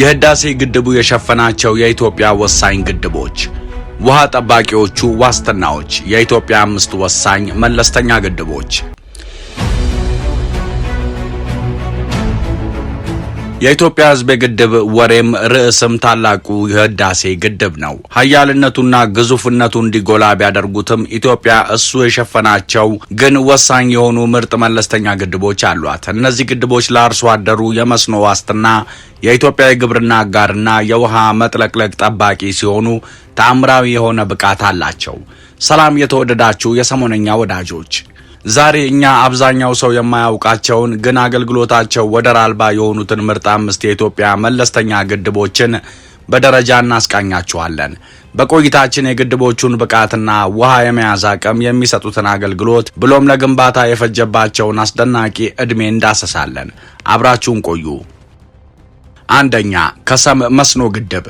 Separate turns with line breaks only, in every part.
የህዳሴ ግድቡ የሸፈናቸው የኢትዮጵያ ወሳኝ ግድቦች፣ ውሃ ጠባቂዎቹ ዋስትናዎች፣ የኢትዮጵያ አምስት ወሳኝ መለስተኛ ግድቦች የኢትዮጵያ ሕዝብ የግድብ ወሬም ርዕስም ታላቁ የህዳሴ ግድብ ነው። ሀያልነቱና ግዙፍነቱ እንዲጎላ ቢያደርጉትም ኢትዮጵያ እሱ የሸፈናቸው ግን ወሳኝ የሆኑ ምርጥ መለስተኛ ግድቦች አሏት። እነዚህ ግድቦች ለአርሶ አደሩ የመስኖ ዋስትና የኢትዮጵያ የግብርና አጋርና የውሃ መጥለቅለቅ ጠባቂ ሲሆኑ ተአምራዊ የሆነ ብቃት አላቸው። ሰላም የተወደዳችሁ የሰሞነኛ ወዳጆች ዛሬ እኛ አብዛኛው ሰው የማያውቃቸውን ግን አገልግሎታቸው ወደር አልባ የሆኑትን ምርጥ አምስት የኢትዮጵያ መለስተኛ ግድቦችን በደረጃ እናስቃኛችኋለን። በቆይታችን የግድቦቹን ብቃትና ውሃ የመያዝ አቅም የሚሰጡትን አገልግሎት ብሎም ለግንባታ የፈጀባቸውን አስደናቂ ዕድሜ እንዳሰሳለን። አብራችሁን ቆዩ። አንደኛ ከሰም መስኖ ግድብ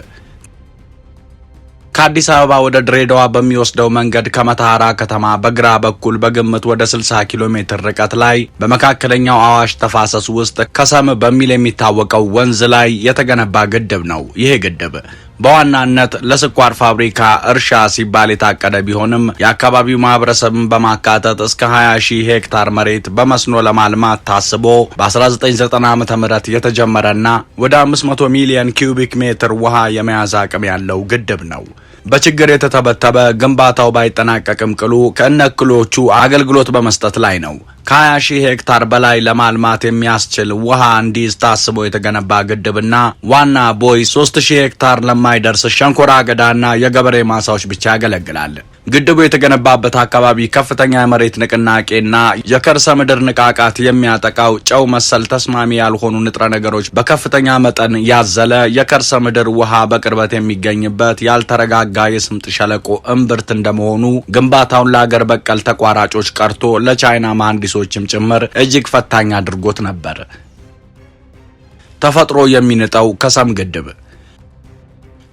ከአዲስ አበባ ወደ ድሬዳዋ በሚወስደው መንገድ ከመተሐራ ከተማ በግራ በኩል በግምት ወደ 60 ኪሎ ሜትር ርቀት ላይ በመካከለኛው አዋሽ ተፋሰስ ውስጥ ከሰም በሚል የሚታወቀው ወንዝ ላይ የተገነባ ግድብ ነው። ይሄ ግድብ በዋናነት ለስኳር ፋብሪካ እርሻ ሲባል የታቀደ ቢሆንም የአካባቢው ማህበረሰብን በማካተት እስከ 20 ሺህ ሄክታር መሬት በመስኖ ለማልማት ታስቦ በ1990 ዓ ም የተጀመረና ወደ 500 ሚሊዮን ኪዩቢክ ሜትር ውሃ የመያዝ አቅም ያለው ግድብ ነው። በችግር የተተበተበ ግንባታው ባይጠናቀቅም ቅሉ ከእነክሎቹ አገልግሎት በመስጠት ላይ ነው። ከ20 ሺህ ሄክታር በላይ ለማልማት የሚያስችል ውሃ እንዲይዝ ታስቦ የተገነባ ግድብና ዋና ቦይ 3000 ሄክታር ለማይደርስ ሸንኮራ አገዳና የገበሬ ማሳዎች ብቻ ያገለግላል። ግድቡ የተገነባበት አካባቢ ከፍተኛ የመሬት ንቅናቄና የከርሰ ምድር ንቃቃት የሚያጠቃው ጨው መሰል ተስማሚ ያልሆኑ ንጥረ ነገሮች በከፍተኛ መጠን ያዘለ የከርሰ ምድር ውሃ በቅርበት የሚገኝበት ያልተረጋጋ የስምጥ ሸለቆ እምብርት እንደመሆኑ ግንባታውን ለአገር በቀል ተቋራጮች ቀርቶ ለቻይና መሐንዲሶችም ጭምር እጅግ ፈታኝ አድርጎት ነበር። ተፈጥሮ የሚንጠው ከሰም ግድብ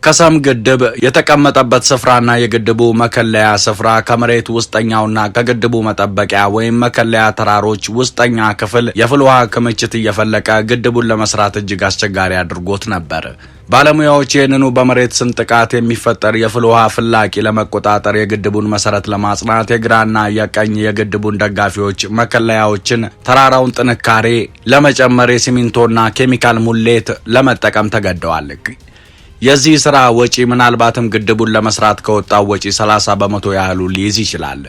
ከሰም ግድብ የተቀመጠበት ስፍራና የግድቡ መከለያ ስፍራ ከመሬት ውስጠኛውና ከግድቡ መጠበቂያ ወይም መከለያ ተራሮች ውስጠኛ ክፍል የፍል ውሃ ክምችት እየፈለቀ ግድቡን ለመስራት እጅግ አስቸጋሪ አድርጎት ነበር። ባለሙያዎች ይህንኑ በመሬት ጥቃት የሚፈጠር የፍል ውሃ ፍላቂ ለመቆጣጠር የግድቡን መሰረት ለማጽናት የግራና የቀኝ የግድቡን ደጋፊዎች መከለያዎችን፣ ተራራውን ጥንካሬ ለመጨመር የሲሚንቶና ኬሚካል ሙሌት ለመጠቀም ተገደዋል። የዚህ ስራ ወጪ ምናልባትም ግድቡን ለመስራት ከወጣው ወጪ 30 በመቶ ያህሉ ሊይዝ ይችላል።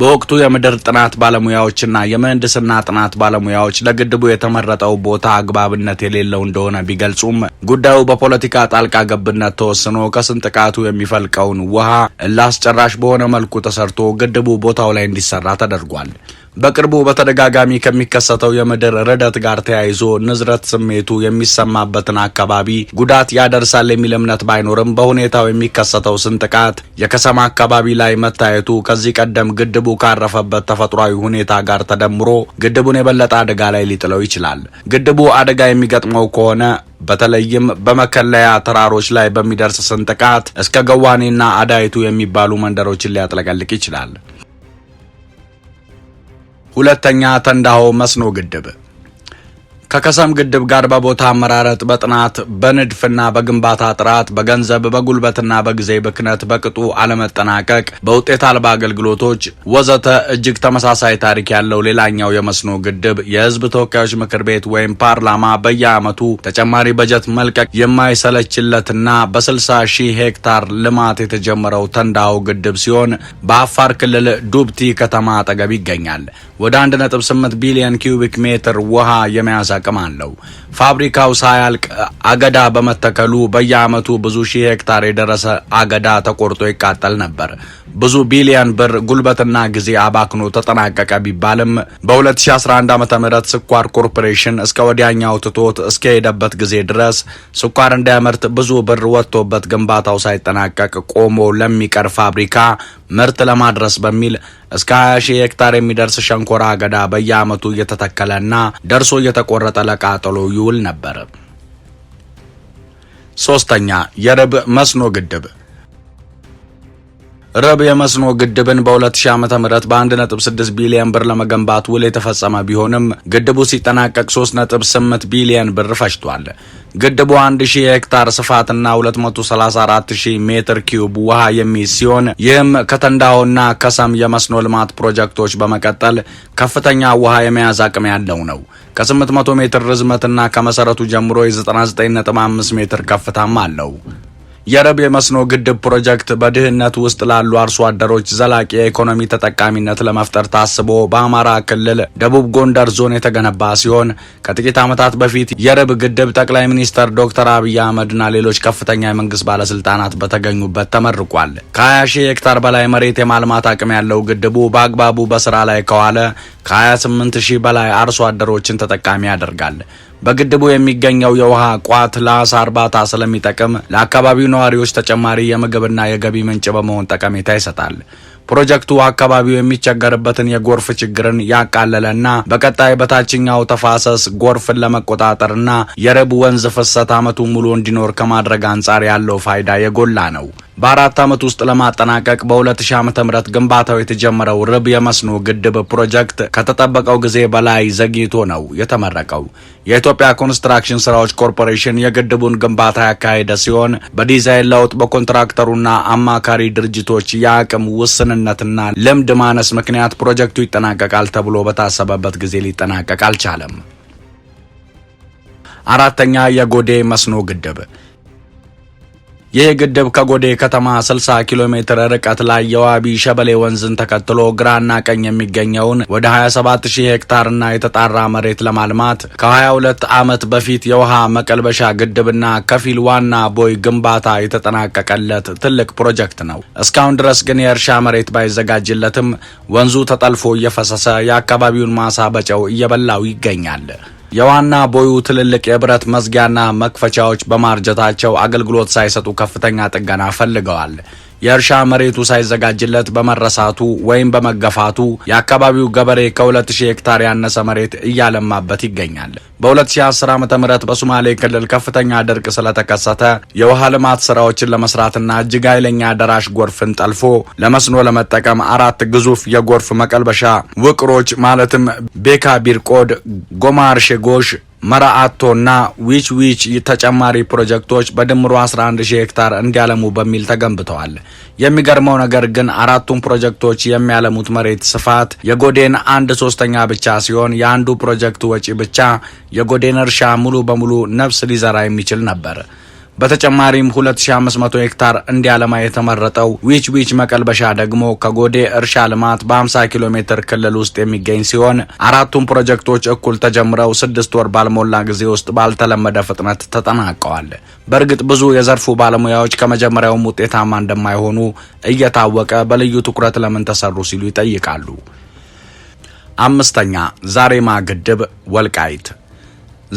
በወቅቱ የምድር ጥናት ባለሙያዎችና የምህንድስና ጥናት ባለሙያዎች ለግድቡ የተመረጠው ቦታ አግባብነት የሌለው እንደሆነ ቢገልጹም ጉዳዩ በፖለቲካ ጣልቃ ገብነት ተወስኖ ከስንጥቃቱ የሚፈልቀውን ውሃ እላስጨራሽ በሆነ መልኩ ተሰርቶ ግድቡ ቦታው ላይ እንዲሰራ ተደርጓል። በቅርቡ በተደጋጋሚ ከሚከሰተው የምድር ርደት ጋር ተያይዞ ንዝረት ስሜቱ የሚሰማበትን አካባቢ ጉዳት ያደርሳል የሚል እምነት ባይኖርም በሁኔታው የሚከሰተው ስንጥቃት የከሰማ አካባቢ ላይ መታየቱ ከዚህ ቀደም ግድቡ ካረፈበት ተፈጥሯዊ ሁኔታ ጋር ተደምሮ ግድቡን የበለጠ አደጋ ላይ ሊጥለው ይችላል። ግድቡ አደጋ የሚገጥመው ከሆነ በተለይም በመከለያ ተራሮች ላይ በሚደርስ ስንጥቃት እስከ ገዋኔና አዳይቱ የሚባሉ መንደሮችን ሊያጥለቀልቅ ይችላል። ሁለተኛ ተንዳሆ መስኖ ግድብ ከከሰም ግድብ ጋር በቦታ አመራረጥ፣ በጥናት በንድፍና በግንባታ ጥራት፣ በገንዘብ በጉልበትና በጊዜ ብክነት በቅጡ አለመጠናቀቅ፣ በውጤት አልባ አገልግሎቶች ወዘተ እጅግ ተመሳሳይ ታሪክ ያለው ሌላኛው የመስኖ ግድብ የህዝብ ተወካዮች ምክር ቤት ወይም ፓርላማ በየዓመቱ ተጨማሪ በጀት መልቀቅ የማይሰለችለትና በ60 ሺህ ሄክታር ልማት የተጀመረው ተንዳሆ ግድብ ሲሆን በአፋር ክልል ዱብቲ ከተማ አጠገብ ይገኛል። ወደ 1.8 ቢሊዮን ኪዩቢክ ሜትር ውሃ የሚያሳ አቅም አለው። ፋብሪካው ሳያልቅ አገዳ በመተከሉ በየአመቱ ብዙ ሺህ ሄክታር የደረሰ አገዳ ተቆርጦ ይቃጠል ነበር። ብዙ ቢሊዮን ብር ጉልበትና ጊዜ አባክኖ ተጠናቀቀ ቢባልም በ2011 ዓ ም ስኳር ኮርፖሬሽን እስከ ወዲያኛው ትቶት እስከሄደበት ጊዜ ድረስ ስኳር እንዳያመርት ብዙ ብር ወጥቶበት ግንባታው ሳይጠናቀቅ ቆሞ ለሚቀር ፋብሪካ ምርት ለማድረስ በሚል እስከ 20 ሺህ ሄክታር የሚደርስ ሸንኮራ አገዳ በየአመቱ እየተተከለና ደርሶ እየተቆረጠ ለቃጠሎ ይውል ነበር። ሶስተኛ የርብ መስኖ ግድብ ረብ የመስኖ ግድብን በ2000 ዓ ም በ1.6 ቢሊዮን ብር ለመገንባት ውል የተፈጸመ ቢሆንም ግድቡ ሲጠናቀቅ 3.8 ቢሊዮን ብር ፈጅቷል። ግድቡ 1000 ሄክታር ስፋትና 234000 ሜትር ኪዩብ ውሃ የሚይዝ ሲሆን ይህም ከተንዳሆና ከሰም የመስኖ ልማት ፕሮጀክቶች በመቀጠል ከፍተኛ ውሃ የመያዝ አቅም ያለው ነው። ከ800 ሜትር ርዝመትና ከመሰረቱ ጀምሮ የ99.5 ሜትር ከፍታም አለው። የረብ የመስኖ ግድብ ፕሮጀክት በድህነት ውስጥ ላሉ አርሶ አደሮች ዘላቂ የኢኮኖሚ ተጠቃሚነት ለመፍጠር ታስቦ በአማራ ክልል ደቡብ ጎንደር ዞን የተገነባ ሲሆን ከጥቂት ዓመታት በፊት የረብ ግድብ ጠቅላይ ሚኒስትር ዶክተር አብይ አህመድና ሌሎች ከፍተኛ የመንግስት ባለስልጣናት በተገኙበት ተመርቋል። ከ20 ሺህ ሄክታር በላይ መሬት የማልማት አቅም ያለው ግድቡ በአግባቡ በስራ ላይ ከዋለ ከ28 ሺህ በላይ አርሶ አደሮችን ተጠቃሚ ያደርጋል። በግድቡ የሚገኘው የውሃ ቋት ለአሳ እርባታ ስለሚጠቅም ለአካባቢው ነዋሪዎች ተጨማሪ የምግብና የገቢ ምንጭ በመሆን ጠቀሜታ ይሰጣል። ፕሮጀክቱ አካባቢው የሚቸገርበትን የጎርፍ ችግርን ያቃለለና በቀጣይ በታችኛው ተፋሰስ ጎርፍን ለመቆጣጠርና የረብ ወንዝ ፍሰት አመቱ ሙሉ እንዲኖር ከማድረግ አንጻር ያለው ፋይዳ የጎላ ነው። በአራት ዓመት ውስጥ ለማጠናቀቅ በ2000 ም ግንባታው የተጀመረው ርብ የመስኖ ግድብ ፕሮጀክት ከተጠበቀው ጊዜ በላይ ዘግይቶ ነው የተመረቀው። የኢትዮጵያ ኮንስትራክሽን ስራዎች ኮርፖሬሽን የግድቡን ግንባታ ያካሄደ ሲሆን በዲዛይን ለውጥ በኮንትራክተሩና አማካሪ ድርጅቶች የአቅም ውስን ውስንነትና ልምድ ማነስ ምክንያት ፕሮጀክቱ ይጠናቀቃል ተብሎ በታሰበበት ጊዜ ሊጠናቀቅ አልቻለም። አራተኛ የጎዴ መስኖ ግድብ ይህ ግድብ ከጎዴ ከተማ 60 ኪሎ ሜትር ርቀት ላይ የዋቢ ሸበሌ ወንዝን ተከትሎ ግራና ቀኝ የሚገኘውን ወደ 27000 ሄክታርና የተጣራ መሬት ለማልማት ከ22 ዓመት በፊት የውሃ መቀልበሻ ግድብና ከፊል ዋና ቦይ ግንባታ የተጠናቀቀለት ትልቅ ፕሮጀክት ነው። እስካሁን ድረስ ግን የእርሻ መሬት ባይዘጋጅለትም ወንዙ ተጠልፎ እየፈሰሰ የአካባቢውን ማሳ በጨው እየበላው ይገኛል። የዋና ቦዩ ትልልቅ የብረት መዝጊያና መክፈቻዎች በማርጀታቸው አገልግሎት ሳይሰጡ ከፍተኛ ጥገና ፈልገዋል። የእርሻ መሬቱ ሳይዘጋጅለት በመረሳቱ ወይም በመገፋቱ የአካባቢው ገበሬ ከ2000 ሄክታር ያነሰ መሬት እያለማበት ይገኛል። በ2010 ዓ ም በሶማሌ ክልል ከፍተኛ ድርቅ ስለተከሰተ የውሃ ልማት ስራዎችን ለመስራትና እጅግ ኃይለኛ ደራሽ ጎርፍን ጠልፎ ለመስኖ ለመጠቀም አራት ግዙፍ የጎርፍ መቀልበሻ ውቅሮች ማለትም ቤካ ቢርቆድ፣ ጎማር ሼጎሽ መራአቶና ዊች ዊች ተጨማሪ ፕሮጀክቶች በድምሩ 11 ሺህ ሄክታር እንዲያለሙ በሚል ተገንብተዋል። የሚገርመው ነገር ግን አራቱም ፕሮጀክቶች የሚያለሙት መሬት ስፋት የጎዴን አንድ ሶስተኛ ብቻ ሲሆን የአንዱ ፕሮጀክት ወጪ ብቻ የጎዴን እርሻ ሙሉ በሙሉ ነፍስ ሊዘራ የሚችል ነበር። በተጨማሪም 2500 ሄክታር እንዲያለማ የተመረጠው ዊች ዊች መቀልበሻ ደግሞ ከጎዴ እርሻ ልማት በ50 ኪሎ ሜትር ክልል ውስጥ የሚገኝ ሲሆን አራቱም ፕሮጀክቶች እኩል ተጀምረው ስድስት ወር ባልሞላ ጊዜ ውስጥ ባልተለመደ ፍጥነት ተጠናቀዋል። በእርግጥ ብዙ የዘርፉ ባለሙያዎች ከመጀመሪያውም ውጤታማ እንደማይሆኑ እየታወቀ በልዩ ትኩረት ለምን ተሰሩ ሲሉ ይጠይቃሉ። አምስተኛ ዛሬማ ግድብ ወልቃይት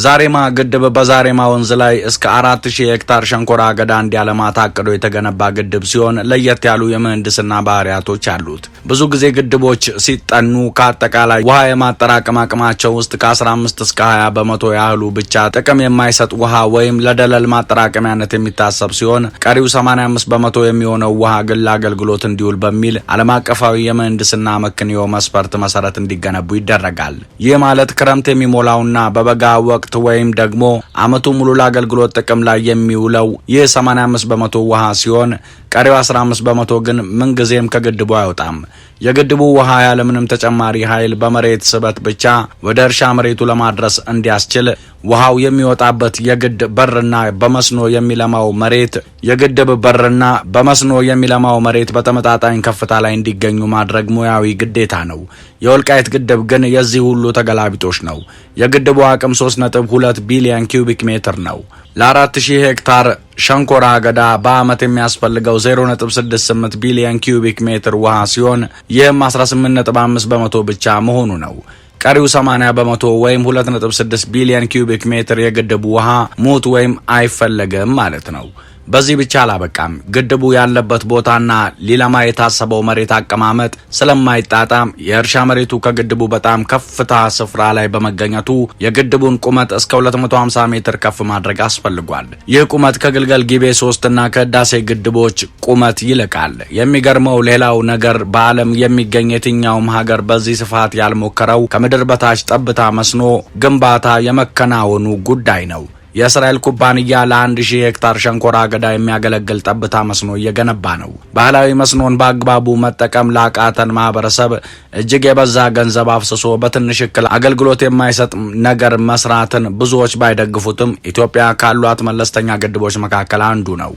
ዛሬማ ግድብ በዛሬማ ወንዝ ላይ እስከ አራት ሺህ ሄክታር ሸንኮራ አገዳ እንዲያለማ ታቅዶ የተገነባ ግድብ ሲሆን ለየት ያሉ የምህንድስና ባህሪያቶች አሉት። ብዙ ጊዜ ግድቦች ሲጠኑ ከአጠቃላይ ውሃ የማጠራቀም አቅማቸው ውስጥ ከ15 እስከ 20 በመቶ ያህሉ ብቻ ጥቅም የማይሰጥ ውሃ ወይም ለደለል ማጠራቀሚያነት የሚታሰብ ሲሆን ቀሪው 85 በመቶ የሚሆነው ውሃ ግን ለአገልግሎት እንዲውል በሚል ዓለም አቀፋዊ የምህንድስና መክንዮ መስፈርት መሰረት እንዲገነቡ ይደረጋል። ይህ ማለት ክረምት የሚሞላውና በበጋ ወቅት ወቅት ወይም ደግሞ አመቱ ሙሉ ለአገልግሎት ጥቅም ላይ የሚውለው ይህ 85 በመቶ ውሃ ሲሆን ቀሪው 15 በመቶ ግን ምንጊዜም ከግድቡ አይወጣም። የግድቡ ውሃ ያለምንም ተጨማሪ ኃይል በመሬት ስበት ብቻ ወደ እርሻ መሬቱ ለማድረስ እንዲያስችል ውሃው የሚወጣበት የግድ በርና በመስኖ የሚለማው መሬት የግድብ በርና በመስኖ የሚለማው መሬት በተመጣጣኝ ከፍታ ላይ እንዲገኙ ማድረግ ሙያዊ ግዴታ ነው። የወልቃይት ግድብ ግን የዚህ ሁሉ ተገላቢጦች ነው። የግድቡ አቅም 3.2 ቢሊዮን ኪዩቢክ ሜትር ነው። ለ4000 ሄክታር ሸንኮራ አገዳ በዓመት የሚያስፈልገው 0.68 ቢሊዮን ኪዩቢክ ሜትር ውሃ ሲሆን ይህም 18.5 በመቶ ብቻ መሆኑ ነው። ቀሪው 80 በመቶ ወይም 2.6 ቢሊዮን ኪዩቢክ ሜትር የገደቡ ውሃ ሙት ወይም አይፈለገም ማለት ነው። በዚህ ብቻ አላበቃም። ግድቡ ያለበት ቦታና ሊለማ የታሰበው መሬት አቀማመጥ ስለማይጣጣም የእርሻ መሬቱ ከግድቡ በጣም ከፍታ ስፍራ ላይ በመገኘቱ የግድቡን ቁመት እስከ 250 ሜትር ከፍ ማድረግ አስፈልጓል። ይህ ቁመት ከግልገል ጊቤ ሶስትና ከህዳሴ ግድቦች ቁመት ይልቃል። የሚገርመው ሌላው ነገር በዓለም የሚገኝ የትኛውም ሀገር በዚህ ስፋት ያልሞከረው ከምድር በታች ጠብታ መስኖ ግንባታ የመከናወኑ ጉዳይ ነው። የእስራኤል ኩባንያ ለአንድ ሺህ ሄክታር ሸንኮራ አገዳ የሚያገለግል ጠብታ መስኖ እየገነባ ነው። ባህላዊ መስኖን በአግባቡ መጠቀም ላቃተን ማህበረሰብ እጅግ የበዛ ገንዘብ አፍስሶ በትንሽ እክል አገልግሎት የማይሰጥ ነገር መስራትን ብዙዎች ባይደግፉትም ኢትዮጵያ ካሏት መለስተኛ ግድቦች መካከል አንዱ ነው።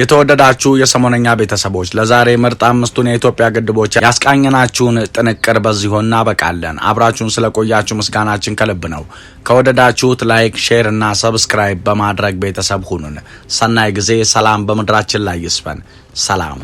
የተወደዳችሁ የሰሞነኛ ቤተሰቦች ለዛሬ ምርጥ አምስቱን የኢትዮጵያ ግድቦች ያስቃኘናችሁን ጥንቅር በዚሁ እናበቃለን። አብራችሁን ስለቆያችሁ ምስጋናችን ከልብ ነው። ከወደዳችሁት ላይክ፣ ሼር እና ሰብስክራይብ በማድረግ ቤተሰብ ሁኑን። ሰናይ ጊዜ። ሰላም በምድራችን ላይ ይስፈን። ሰላም